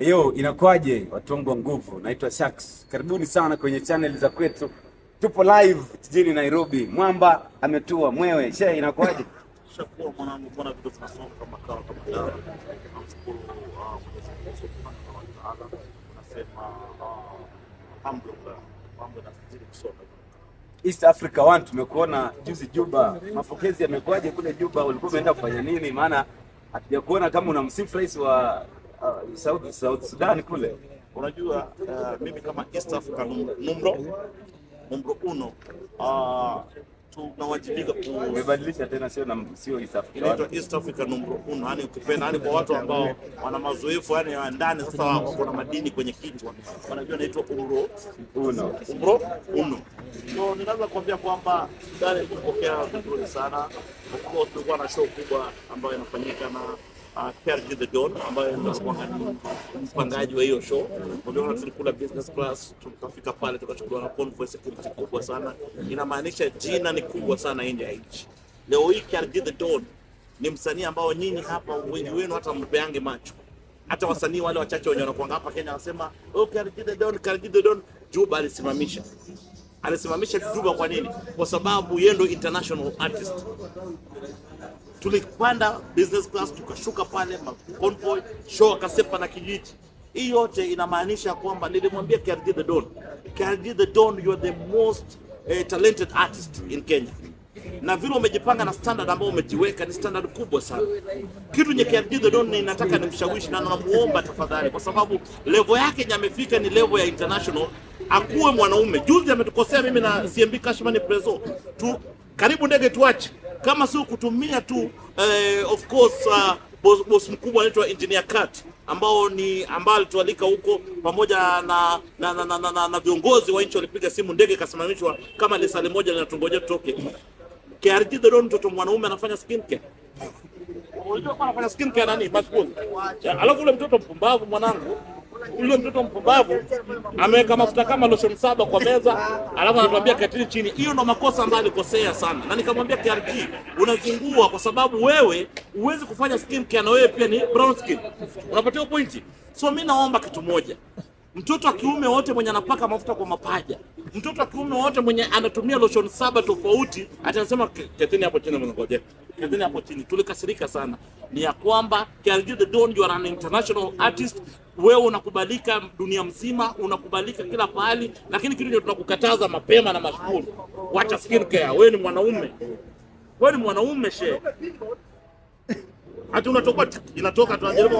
Yo, inakuwaje watu wangu wa nguvu? Naitwa Shax. Karibuni sana kwenye channel za kwetu. Tupo live jijini Nairobi. Mwamba ametua mwewe. She, inakuwaje? Shukuru mwanangu, kuna vitu tunasoma kama kawa kama dawa. Tunamshukuru uh, Mwenyezi Mungu Subhanahu wa Ta'ala. Tunasema alhamdulillah. Uh, mambo yanazidi kusonga. East Africa One tumekuona juzi Juba. Mapokezi yamekuwaje kule Juba? Ulikuwa umeenda kufanya nini? Maana hatujakuona kama una msifu rais wa Saudi, Saudi Sudan kule. Unajua uh, mimi kama East African numro numro uno uh, tunawajibika kubadilisha tena, sio na sio East Africa, inaitwa East Africa numro uno, yani ukipenda, yani kwa watu ambao wana mazoefu yani ya ndani. Sasa wako na madini kwenye kichwa, wanajua inaitwa umro uno, umro uno. So ninaweza kuambia kwamba Sudan ilipokea vizuri sana, kwa kuwa tulikuwa na show kubwa ambayo inafanyika na uh, Serge The Don ambaye ndio mpangaji wa hiyo show. Uliona tulikula business class, tukafika pale tukachukuliwa na convoy security kubwa sana. Inamaanisha jina ni kubwa sana nje ya nchi. Leo hii Serge The Don ni msanii ambao nyinyi hapa wengi wenu hata mpeange macho. Hata wasanii wale wachache wenye wanakuanga hapa Kenya wanasema, "Oh, Serge The Don, Serge The Don." Juba alisimamisha alisimamisha Duduba kwa nini? Kwa sababu yeye ndo international artist. Tulipanda business class tukashuka pale convoy show akasepa na kijiji. Hii yote inamaanisha kwamba nilimwambia KRD the Don, KRD the Don you are the most eh, talented artist in Kenya. Na vile umejipanga na standard ambayo umejiweka ni standard kubwa sana. Kitu nye KRD the Don ni nataka nimshawishi na namuomba tafadhali, kwa sababu level yake nyamefika ni level ya international akuwe mwanaume. Juzi ametukosea mimi na CMB Cashman Prezo tu, karibu ndege tuache, kama sio kutumia tu eh, of course uh, boss, boss mkubwa anaitwa engineer Kat ambao ni ambao alitualika huko pamoja na na, na, na, na, na, na viongozi wa nchi walipiga simu, ndege ikasimamishwa kama lisali moja linatungojea tutoke. KRG the don mtoto mwanaume anafanya skincare unajua kwa anafanya skin care nani? basi, Alafu ule mtoto mpumbavu mwanangu ule mtoto mpumbavu ameweka mafuta kama lotion saba kwa meza, alafu anatuambia katini chini. Hiyo ndo makosa ambayo alikosea sana, na nikamwambia KRG, unazingua kwa sababu wewe huwezi kufanya skin care na wewe pia ni brown skin. Unapatiwa pointi. So mimi naomba kitu moja mtoto wa kiume wote mwenye anapaka mafuta kwa mapaja, mtoto wa kiume wote mwenye anatumia lotion saba tofauti, atasema Katini hapo chini mwanangu and hapo chini tulikasirika sana, ni ya kwamba Karim the Don you are an international artist, wewe unakubalika dunia mzima, unakubalika kila pahali, lakini kitu ndio tunakukataza mapema na mashuhuri, Wacha skin care, wewe ni mwanaume, wewe ni mwanaume she hata unatoka inatoka tunajaribu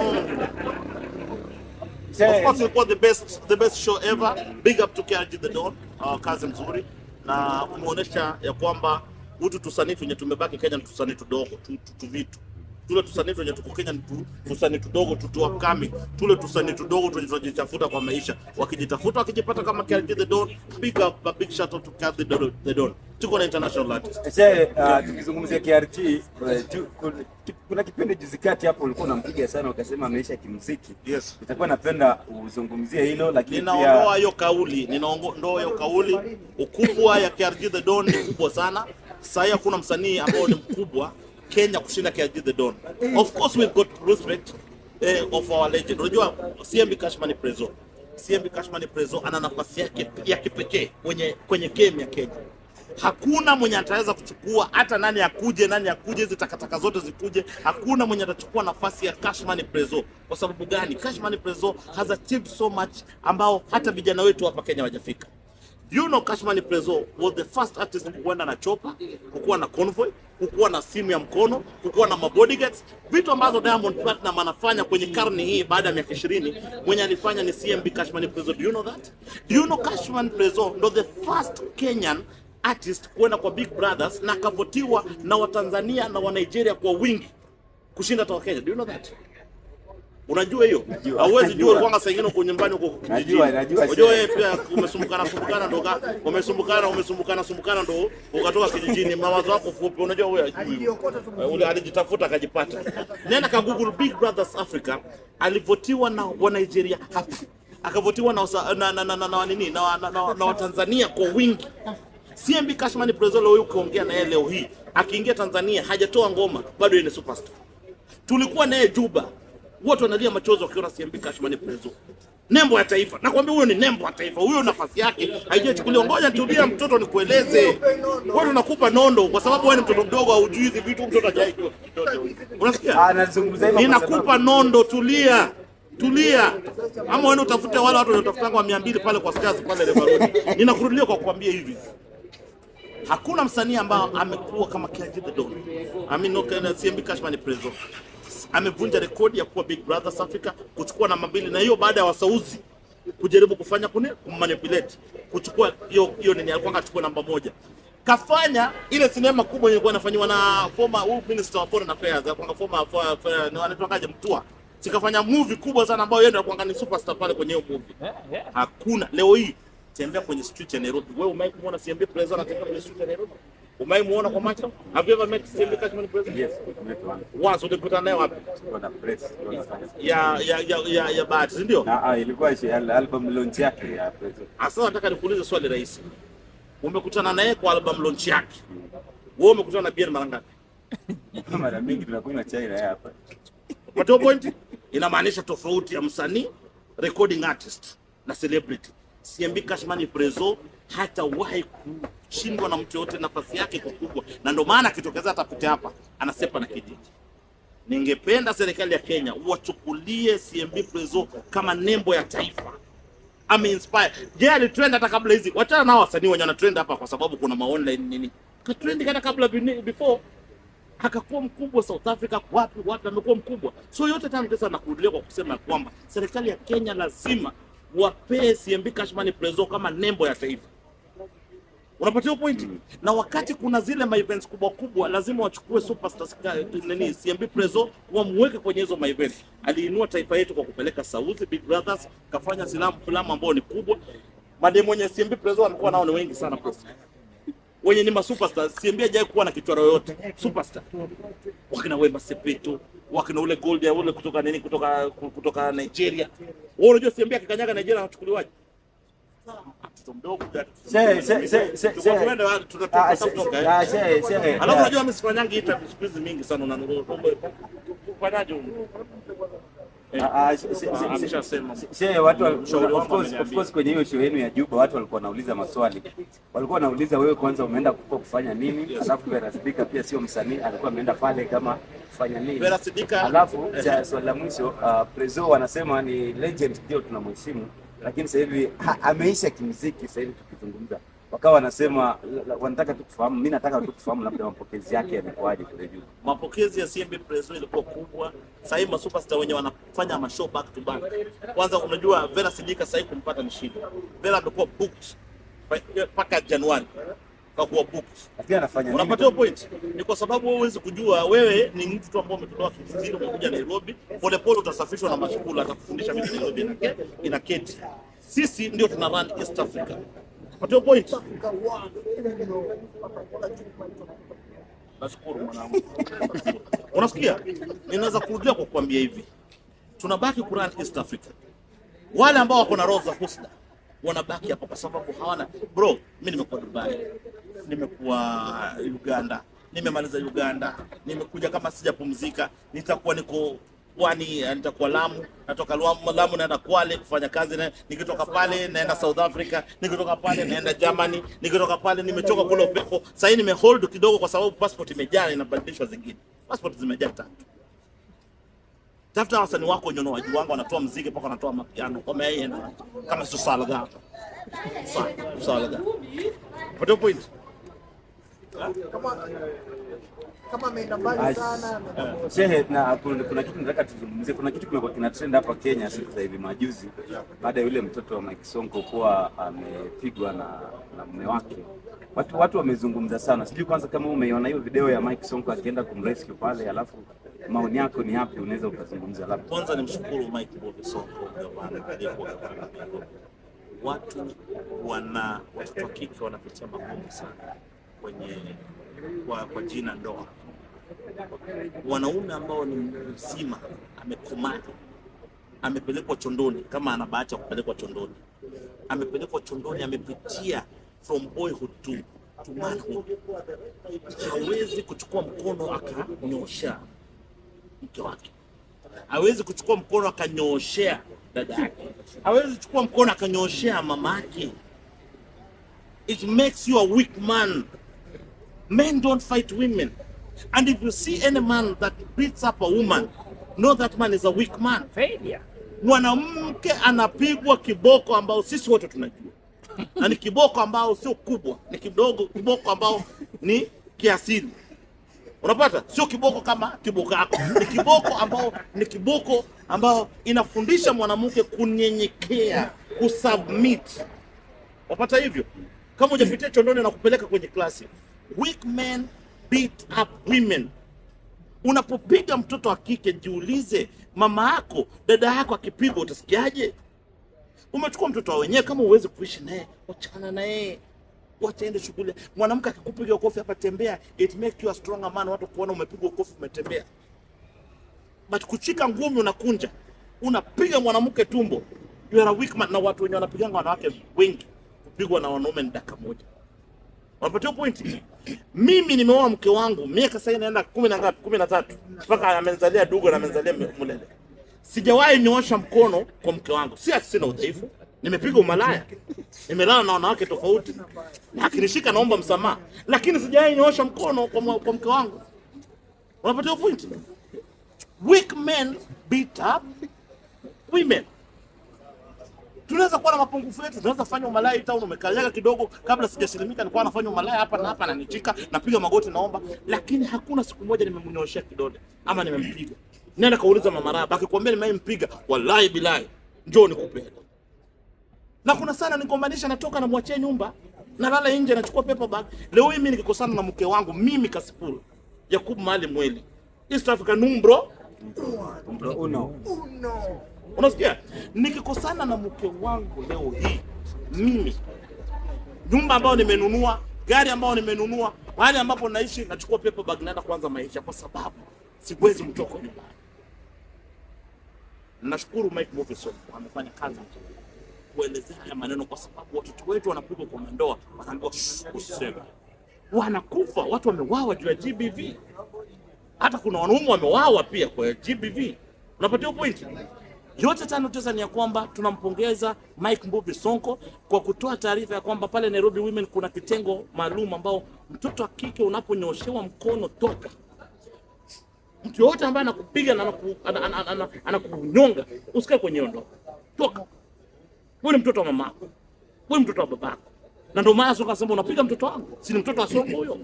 Of course ilikuwa the best, the best show ever. Big up to KRG the Don, uh, ah, kazi mzuri na umeonyesha ya kwamba utu tusanitu wenye tumebaki Kenya ni tusani tudogo tu, vitu tule tusanitu wenye tuko Kenya ni tu, tusani tudogo tu, tule tusani tudogo tu tunajitafuta kwa maisha, wakijitafuta wakijipata kama Kathy the Dawn. Big up a big shout out to Kathy the Dawn, tuko na international artist sasa. Uh, tukizungumzia KRT uh, kuna kipindi juzi kati hapo ulikuwa unampiga sana ukasema ameisha kimuziki. Yes, nitakuwa napenda uzungumzie hilo, lakini ninaondoa hiyo kauli, ninaondoa hiyo kauli. Ukubwa ya KRT the Dawn ni kubwa sana sasa hivi hakuna msanii ambao ni mkubwa Kenya kushinda KIG the Don. Of course we've got respect eh, of our legend. Unajua CMB Cashman Prezo. CMB Cashman Prezo ana nafasi yake ya kipekee kwenye kwenye game ya Kenya. Hakuna mwenye ataweza kuchukua hata nani akuje nani akuje, hizi takataka zote zikuje, hakuna mwenye atachukua nafasi ya Cashman Prezo. Kwa sababu gani? Cashman Prezo has achieved so much ambao hata vijana wetu hapa Kenya wajafika. You know Cashman Prezo was the first artist kukwenda na chopa, kukuwa na convoy, kukuwa na simu ya mkono, kukuwa na mabodyguards, vitu ambazo Diamond Platinum anafanya kwenye karne hii baada ya miaka 20, mwenye alifanya ni CMB Cashman Prezo. Do you know that? Do you know Cashman Prezo ndo the first Kenyan artist kuenda kwa Big Brothers na akavotiwa na Watanzania na Wanigeria kwa wingi kushinda toka Kenya. Do you know that? Unajua hiyo? Hauwezi jua kwanga saa nyingine uko nyumbani uko kijijini. Najua, najua. Unajua yeye pia umesumbukana sumbukana ndo ka umesumbukana umesumbukana sumbukana ndo ukatoka kijijini mawazo yako fupi. Unajua wewe tu. yule alijitafuta akajipata. Nenda ka Google Big Brothers Africa alivotiwa na wa Nigeria hapa. Akavotiwa na na na na na na na nini na na na Tanzania kwa wingi. CMB Cashman Prezolo huyu ukiongea yeye leo hii akiingia Tanzania hajatoa ngoma bado yeye ni superstar. Tulikuwa naye Juba wote wanalia machozi wakiona CMB Cash Money Prezo, nembo ya taifa. Nakwambia huyo ni nembo ya taifa, huyo nafasi yake haijachukuliwa. Ngoja nitubia mtoto nikueleze, wewe unakupa nondo kwa sababu wewe ni mtoto mdogo, haujui hizi vitu, mtoto hajaijua. Unasikia, ninakupa nondo, tulia tulia ama uende utafute wale watu wanaotafutanga wa mia pale kwa stars pale Lebanon. Ninakurudia kwa kukwambia hivi, hakuna msanii ambaye amekuwa kama Kiaji the Don. I mean, no, CMB Cashman Prezo amevunja rekodi ya kuwa Big Brothers Africa kuchukua namba mbili, na hiyo baada ya wasauzi kujaribu kufanya kune kummanipulate kuchukua hiyo hiyo nini, alikuwa kachukua namba moja. Kafanya ile sinema kubwa ilikuwa inafanywa na former uh, minister of foreign affairs, kwa former ni wanatokaje mtua sikafanya movie kubwa sana ambayo yeye ndio alikuwa ni superstar pale kwenye hiyo movie. Yeah, yeah. Hakuna leo hii tembea kwenye street ya Nairobi. Wewe umeikuona CMB Prezo anatembea kwenye street ya Nairobi? Umaimuona kwa macho? Have you ever met Steve Cashman president? Yes, met one. Once ulikutana naye wapi? Kwa na press. Ya ya ya ya bahati, si ndio? Ah, ah ilikuwa ile album launch yake ya press. Sasa nataka nikuulize swali rahisi. Umekutana naye kwa album launch yake. Wewe umekutana na Pierre mara ngapi? Mara mingi tunakunywa chai naye hapa. Kwa point inamaanisha tofauti ya msanii, recording artist na celebrity. CMB Cashman Prezo hatawahi kushindwa na mtu yoyote, nafasi yake iko kubwa, na ndio maana akitokezea atapita hapa anasepa na kijiji. Ningependa serikali ya Kenya wachukulie CMB Prezo kama nembo ya taifa. Ame inspire je, alitrend hata kabla hizi. Wachana nao wasanii wenye wanatrend hapa, kwa sababu kuna maonline online nini, katrend hata kabla before akakuwa mkubwa South Africa, wapi wapi, amekuwa mkubwa. So yote tano pesa na kuendelea kwa kusema kwamba serikali ya Kenya lazima wapee CMB Cash Money Prezo kama nembo ya taifa. Unapatiwa point mm. Na wakati kuna zile ma events kubwa kubwa, lazima wachukue superstars nani CMB Prezo kwa muweke kwenye hizo ma events. Aliinua taifa yetu kwa kupeleka Saudi Big Brothers, kafanya silamu filamu ambayo ni kubwa. Mademo mwenye CMB Prezo amekuwa nao ni wengi sana bro, wenye ni ma superstars. CMB hajai kuwa na kichwaro yoyote superstar, wakina Wema Sepetu, wakina ule gold ya ule kutoka nini, kutoka kutoka Nigeria. Wewe unajua CMB akikanyaga Nigeria anachukuliwaje? mtoto mdogo ah, alafu unajua mimi siku hizi mingi sana huko kwenye hiyo show yenu ya Juba watu walikuwa wanauliza maswali, walikuwa wanauliza wewe, kwanza umeenda kuko kufanya nini? Alafu Vera Sidika pia sio msanii, alikuwa ameenda pale kama kufanya nini? Alafu swali la mwisho, ah, Prezo wanasema ni legend, ndio tunamheshimu lakini sasa hivi ameisha kimuziki. Sasa hivi tukizungumza, wakawa wanasema wanataka tu kufahamu, mimi nataka tu kufahamu labda mapokezi yake yamekuaje kule juu. Mapokezi ya CMB Prezo ilikuwa kubwa, sasa hivi masuperstar wenye wanafanya mashow back to back. Kwanza unajua Vera sidika sasa hivi kumpata ni shida. Vera amekuwa booked eh, mpaka Januari kakuwabuki, lakini anafanya nini? unapatiwa point. Ni kwa sababu wewe huwezi kujua, wewe ni mtu tu ambaye umetoka Kizini umekuja Nairobi, pole pole utasafishwa na mashukula, atakufundisha vitu vingi Nairobi ina keti. Sisi ndio tuna run East Africa, Unapatiwa point. Nashukuru mwanangu, unasikia, ninaweza kurudia kwa kukwambia hivi, tunabaki kuran East Africa. Wale ambao wako na roho za husda wanabaki hapa kwa sababu hawana bro. Mimi nimekuwa Dubai, nimekuwa Uganda, nimemaliza Uganda, nimekuja kama sijapumzika, nitakuwa niko kwani nitakuwa Lamu, natoka Lamu naenda Kwale kufanya kazi na, nikitoka pale naenda South Africa, nikitoka pale naenda Germany, nikitoka pale nimechoka kule upepo. Sasa hii nimehold kidogo, kwa sababu passport imejaa, inabadilishwa zingine, passport zimejaa tatu Tafuta wasanii wako wenye unawajua, wangu wanatoa mziki mpaka wanatoa mapiano kama yeye na kama sio Salga. Salga. Salga. Hapo point. Kama kama ameenda mbali sana. Eh, shehe, na kuna kitu nataka tuzungumzie. Kuna kitu kimekuwa kina trend hapa Kenya siku za hivi majuzi, baada ya yule mtoto wa Mike Sonko kuwa amepigwa na, na mume wake. Watu watu wamezungumza sana, sijui kwanza kama umeiona hiyo video ya Mike Sonko akienda kumrescue pale, alafu maoni yako ni yapi? Unaweza ukazungumza labda. Kwanza nimshukuru Mike Sonko aliyekuwa watu wana watoto wa kike wanapitia magumu sana kwenye kwa, kwa jina ndoa. Wanaume ambao ni mzima amekomaa, amepelekwa chondoni, kama ana bahati ya kupelekwa chondoni, amepelekwa chondoni, amepitia from boyhood to to manhood, hawezi kuchukua mkono akanyoosha mke wake, hawezi kuchukua mkono akanyooshea dada yake, hawezi kuchukua mkono akanyooshea mama yake. It makes you a weak man. Men don't fight women. And if you see any man that beats up a woman, know that man is a weak man. Failure. Mwanamke anapigwa kiboko ambao sisi wote tunajua. Na ni kiboko ambao sio kubwa, ni kidogo, kiboko ambao ni kiasili. Unapata? Sio kiboko kama kiboko yako. Ni kiboko ambao ni kiboko ambao inafundisha mwanamke kunyenyekea, kusubmit. Unapata hivyo? Kama hujafikia chondoni na kupeleka kwenye klasi. Weak men beat up women. Unapopiga mtoto wa kike, jiulize, mama yako dada yako akipigwa utasikiaje? Umechukua mtoto wa wenyewe, kama uwezi kuishi naye, wachana naye, wachaende shughuli. Mwanamke akikupiga kofi hapa, tembea, it make you a stronger man, watu kuona umepigwa kofi, umetembea. But kuchika ngumi, unakunja, unapiga mwanamke tumbo, you are a weak man. Na watu wenye wanapiganga wanawake wengi kupigwa na wanaume ni dakika moja. Wanapatiwa pointi. Mimi nimeoa mke wangu miaka sasa inaenda kumi na ngapi? Kumi na tatu mpaka amenzalia dugo na amenzalia mlele. Sijawahi niosha mkono kwa mke wangu, si ati sina udhaifu. Nimepiga umalaya, nimelala na wanawake tofauti, na akinishika naomba msamaha, lakini sijawahi niosha mkono kwa, kwa mke wangu. Wanapatiwa pointi. Weak men beat up women tunaweza kuwa na mapungufu yetu, tunaweza kufanya umalaya. hata umekanyaga kidogo, kabla sijasilimika, nilikuwa nafanya umalaya hapa na hapa, na ananichika, napiga magoti, naomba, lakini hakuna siku moja nimemnyoshia kidole ama nimempiga. Nenda kauliza mama Raba, akikwambia nimempiga, wallahi bilahi, njoo nikupe. Na kuna sana nikombanisha, natoka na mwachie nyumba, na lala nje, nachukua paper bag. Leo mimi nikikosana na mke wangu mimi Kasipuru Yakub Mali Mweli East Africa numbro uno uno Unasikia? Nikikosana na mke wangu leo hii, mimi nyumba ambayo nimenunua, gari ambayo nimenunua, mahali ambapo naishi, nachukua paper bag naenda kuanza maisha, kwa sababu siwezi mtoko nyumbani. Nashukuru Mike Mofison amefanya kazi kuelezea haya maneno, kwa sababu watoto wetu wanapigwa kwa mandoa, wanaambiwa usiseme, wanakufa watu wamewawa juu ya GBV. Hata kuna wanaume wamewawa pia kwa GBV. Unapatia pointi. Yote tano tisa ni ya kwamba tunampongeza Mike Mbuvi Sonko kwa kutoa taarifa ya kwamba pale Nairobi Women kuna kitengo maalum ambao mtoto wa kike unaponyoshewa mkono toka mtu yoyote ambaye anakupiga na anakunyonga usikae kwenye ndo toka. Wewe ni mtoto wa mamako, wewe mtoto wa babako, na ndio maana soka sema unapiga mtoto wangu, si ni mtoto wa soko huyo?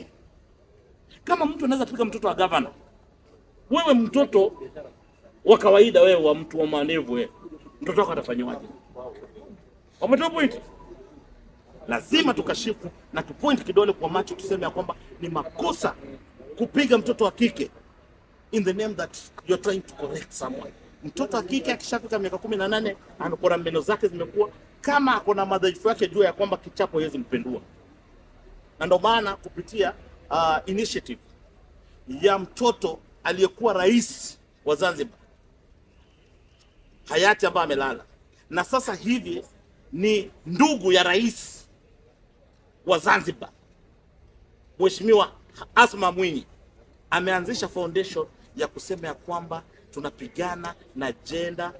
Kama mtu anaweza piga mtoto wa gavana, wewe mtoto wa kawaida wewe wa mtu wa manevu wewe, mtoto wako atafanywaje? Wametoa point. Lazima tukashifu na tupoint kidole kwa macho, tuseme ya kwamba ni makosa kupiga mtoto wa kike in the name that you're trying to correct someone. Mtoto wa kike akishafika miaka kumi na nane anakora meno zake zimekuwa, kama ako na madhaifu yake, jua ya kwamba kichapo hawezi mpendua, na ndio maana kupitia uh, initiative ya mtoto aliyekuwa rais wa Zanzibar hayati ambaye amelala na sasa hivi ni ndugu ya rais wa Zanzibar, Mheshimiwa Asma Mwinyi ameanzisha foundation ya kusema ya kwamba tunapigana na gender,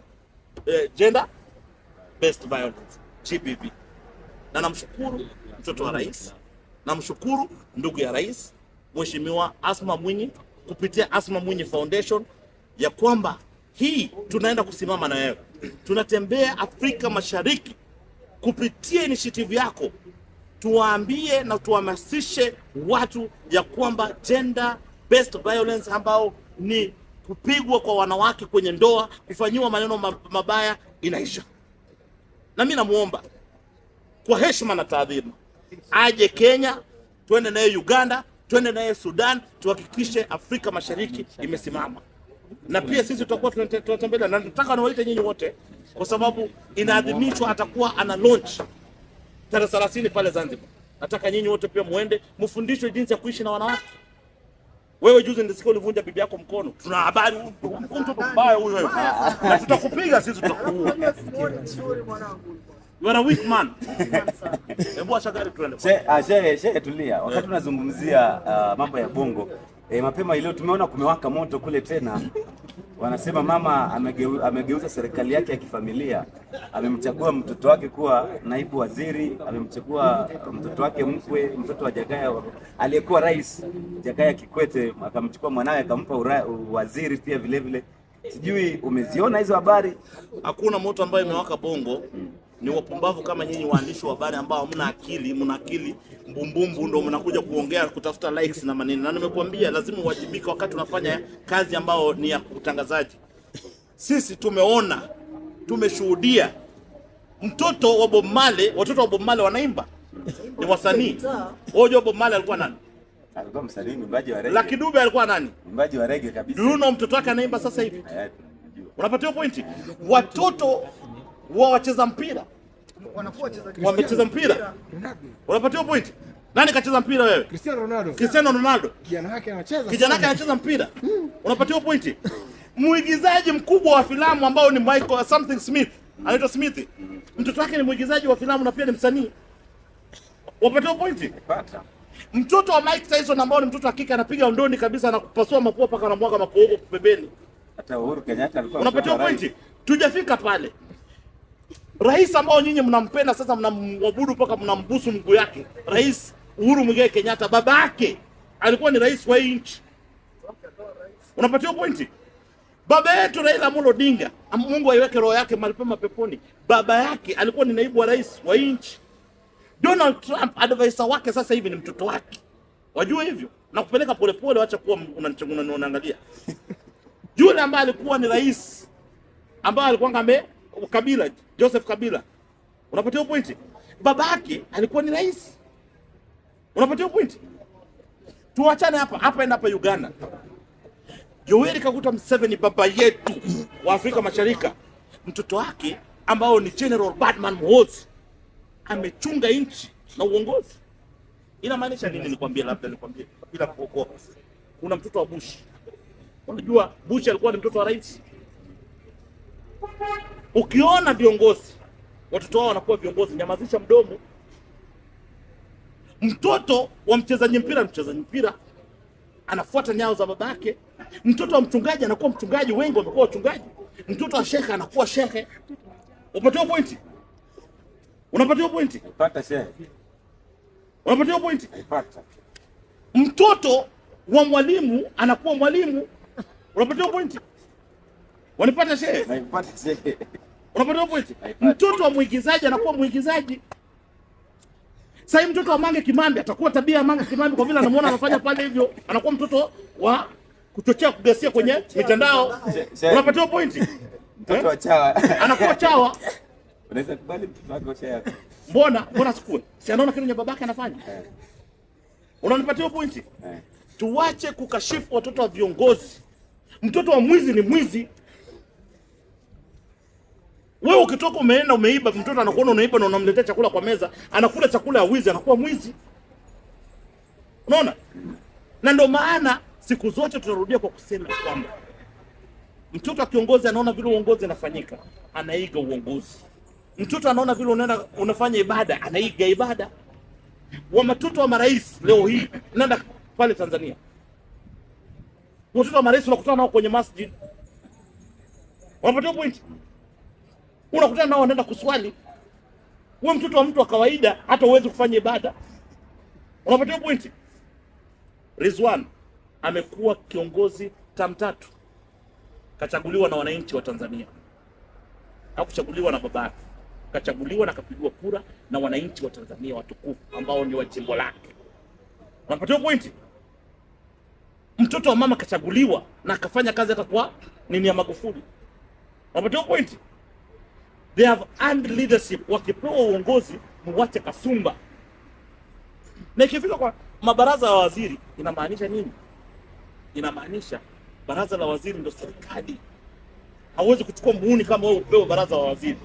eh, gender based violence GBV, na namshukuru mtoto wa rais, namshukuru ndugu ya rais Mheshimiwa Asma Mwinyi kupitia Asma Mwinyi Foundation ya kwamba hii tunaenda kusimama na wewe, tunatembea Afrika Mashariki kupitia initiative yako, tuwaambie na tuhamasishe watu ya kwamba gender based violence ambao ni kupigwa kwa wanawake kwenye ndoa, kufanyiwa maneno mabaya inaisha. Na mimi namuomba kwa heshima na taadhima aje Kenya, twende naye Uganda, twende naye Sudan, tuhakikishe Afrika Mashariki imesimama na pia sisi tutakuwa tunatembelea, na nataka niwaite nyinyi wote, kwa sababu inaadhimishwa, atakuwa ana launch tarehe 30 pale Zanzibar. Nataka nyinyi wote pia muende mfundishwe jinsi ya kuishi na wanawake. Wewe juzi ndisikia ulivunja bibi yako mkono, tuna habari mtoto mbaya huyo wewe, na tutakupiga sisi, tutakuua you are a weak man. Ebu, acha gari tuende. Shehe, ah, shehe tulia, wakati tunazungumzia ah, mambo ya bongo E, mapema ileo tumeona kumewaka moto kule tena, wanasema mama amegeu, amegeuza serikali yake ya kifamilia. Amemchagua mtoto wake kuwa naibu waziri, amemchagua mtoto wake mkwe, mtoto wa Jakaya aliyekuwa rais Jakaya Kikwete, akamchukua mwanawe akampa waziri pia vilevile. Sijui umeziona hizo habari? Hakuna moto ambayo imewaka Bongo hmm ni wapumbavu kama nyinyi waandishi wa habari ambao mna akili, mna akili mbumbumbu, ndio mnakuja kuongea kutafuta likes na maneno. Na nimekuambia lazima uwajibike wakati unafanya kazi ambayo ni ya utangazaji. Sisi tumeona, tumeshuhudia mtoto wa Bob Marley, watoto wa Bob Marley wanaimba, ni wasanii. Wewe Bob Marley alikuwa nani? Alikuwa msanii mwimbaji wa reggae. Lucky Dube alikuwa nani? Mwimbaji wa reggae kabisa. Duno mtoto wake anaimba sasa hivi. Eh, Unapatiwa pointi. Watoto wa wacheza mpira wamecheza mpira, unapatiwa point. Nani kacheza mpira wewe? Cristiano Ronaldo. Cristiano Ronaldo. Kijana wake anacheza. Kijana wake anacheza mpira. Hmm. Unapatiwa point. Mwigizaji mkubwa wa filamu ambao ni Michael something Smith. Anaitwa Smith. Mtoto wake ni mwigizaji wa filamu na pia ni msanii. Wapatiwa point. Mtoto wa Mike Tyson ambao ni mtoto hakika anapiga ndondi kabisa na kupasua mapua paka na mwaga makooko pembeni. Hata Uhuru Kenyatta alikuwa. Unapatiwa point. Tujafika pale. Rais ambao nyinyi mnampenda sasa, mnamwabudu mpaka mnambusu mguu yake, Rais Uhuru Mwigai Kenyatta, baba yake alikuwa ni rais wa nchi. Unapatiwa pointi. Baba yetu Raila Amolo Odinga, Mungu aiweke roho yake mahali pema peponi, baba yake alikuwa ni naibu wa rais wa nchi. Donald Trump advisor wake sasa hivi ni mtoto wake, wajua hivyo na kupeleka polepole, wacha kuwa unanichanganya unaangalia. Yule ambaye alikuwa ni rais ambaye alikuwa ngame Kabila, Joseph Kabila, unapatiwa pointi. Babake alikuwa ni rais, unapatiwa pointi. Tuachane hapa hapa, enda hapa Uganda. Yoweri Kaguta Museveni, baba yetu wa Afrika Mashariki, mtoto wake ambao ni General Badman Mhozi amechunga nchi na uongozi. Inamaanisha nini? Nikwambie, labda nikwambie bila kuokoa, kuna mtoto wa Bush. Unajua Bush alikuwa ni mtoto wa rais. Ukiona viongozi watoto wao wanakuwa viongozi, nyamazisha mdomo. Mtoto wa mchezaji mpira, mchezaji mpira anafuata nyayo za babake. Mtoto wa mchungaji anakuwa mchungaji, wengi wamekuwa wachungaji. Mtoto wa shehe anakuwa shehe. Unapatiwa pointi, unapatiwa pointi, pata shehe, unapatiwa pointi, pata. Mtoto wa mwalimu anakuwa mwalimu, unapatiwa pointi. Wanipata shehe? Naipata shehe. Unapata point? Mtoto wa mwigizaji anakuwa mwigizaji. Sasa mtoto wa Mange Kimambi atakuwa tabia ya Mange Kimambi kwa vile anamuona anafanya pale hivyo, anakuwa mtoto wa kuchochea kugasia kwenye mitandao. Unapata point? Mtoto wa eh? chawa. Anakuwa chawa. Unaweza kubali mtoto wako chawa. Mbona? Mbona sikue? Si anaona kitu babake anafanya? Eh. Unanipatia point? Eh. Tuwache kukashifu watoto wa viongozi. Mtoto wa mwizi ni mwizi. Wewe ukitoka umeenda umeiba, mtoto anakuona unaiba na unamletea chakula kwa meza, anakula chakula ya wizi, anakuwa mwizi. Unaona? Na ndio maana siku zote tunarudia kwa kusema kwamba mtoto akiongozi anaona vile uongozi unafanyika, anaiga uongozi. Mtoto anaona vile unaenda unafanya ibada, anaiga ibada. Wa mtoto wa marais leo hii nenda pale Tanzania, Mtoto wa marais unakutana nao kwenye masjid, wanapatiwa point? unakutana nao wanaenda kuswali. Wewe mtoto wa mtu wa kawaida, hata uwezi kufanya ibada. Unapata pointi. Rizwan amekuwa kiongozi tamtatu, kachaguliwa na wananchi wa Tanzania, hakuchaguliwa na babake, kachaguliwa na kapigwa kura na wananchi wa Tanzania watukufu ambao ni wa jimbo lake. Unapata pointi. Mtoto wa mama kachaguliwa na akafanya kazi hata kwa nini ya Magufuli. Unapata pointi. They have earned leadership. Wakipewa uongozi, muwache kasumba. Na ikifika kwa mabaraza ya waziri, inamaanisha nini? Inamaanisha baraza la waziri ndio serikali. Hauwezi kuchukua muhuni kama wewe upewe baraza la waziri,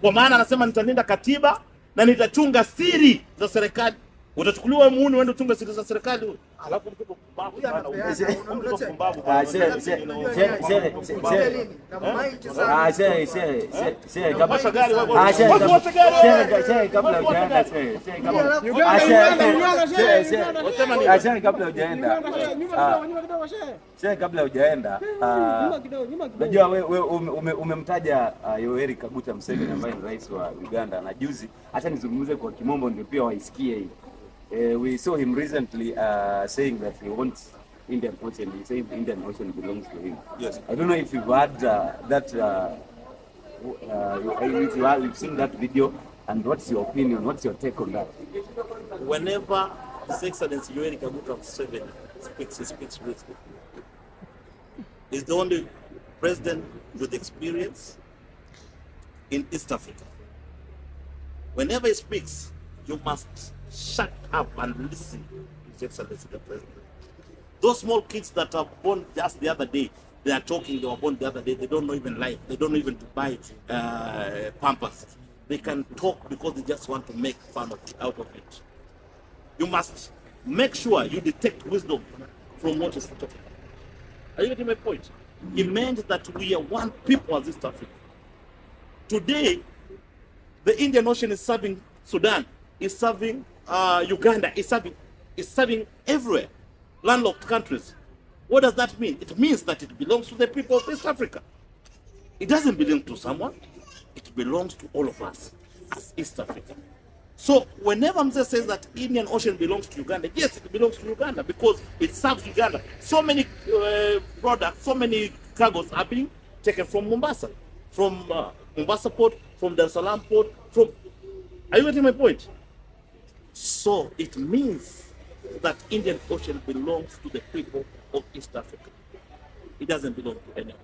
kwa maana anasema nitalinda katiba na nitachunga siri za serikali. Utachukuliwa muhuni uende uchunge siri za serikali? Alafu mtu kumbavu kabla hujaenda, kabla hujaenda, unajua wewe umemtaja Yoweri Kaguta Museveni ambaye ni rais wa Uganda, na juzi, acha nizungumze kwa kimombo ndio pia waisikie hii Uh, we saw him recently uh, saying that he wants Indian Ocean. He said Indian Ocean belongs to him. Yes. I don't know if you've heard uh, that, uh, uh, if you have, you've seen that video, and what's your opinion? What's your take on that? Whenever His Excellency Yoweri Kaguta Museveni speaks, he speaks with He's the only president with experience in East Africa. Whenever he speaks, you must shut up and listen, His Excellency the President. Those small kids that are born just the other day, they are talking, they were born the other day, they don't know even life, they don't even buy uh, pampas. They can talk because they just want to make fun of it, out of it. You must make sure you detect wisdom from what is talking. Are you getting my point? It meant that we are one people as East Africa. Today, the Indian Ocean is serving Sudan, is serving uh, Uganda is serving, is serving everywhere, landlocked countries. What does that mean? It means that it belongs to the people of East Africa. It doesn't belong to someone. It belongs to all of us as East Africa. So whenever Mzee says that Indian Ocean belongs to Uganda, yes, it belongs to Uganda because it serves Uganda. So many uh, products, so many cargoes are being taken from Mombasa, from uh, Mombasa port, from Dar es Salaam port, from... Are you getting my point? So it means that Indian Ocean belongs to the people of East Africa. It doesn't belong to anyone.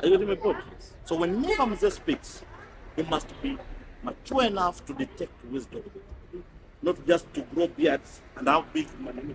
Are you getting my point? So when Muhammad speaks, he must be mature enough to detect wisdom, not just to grow beards and have big money.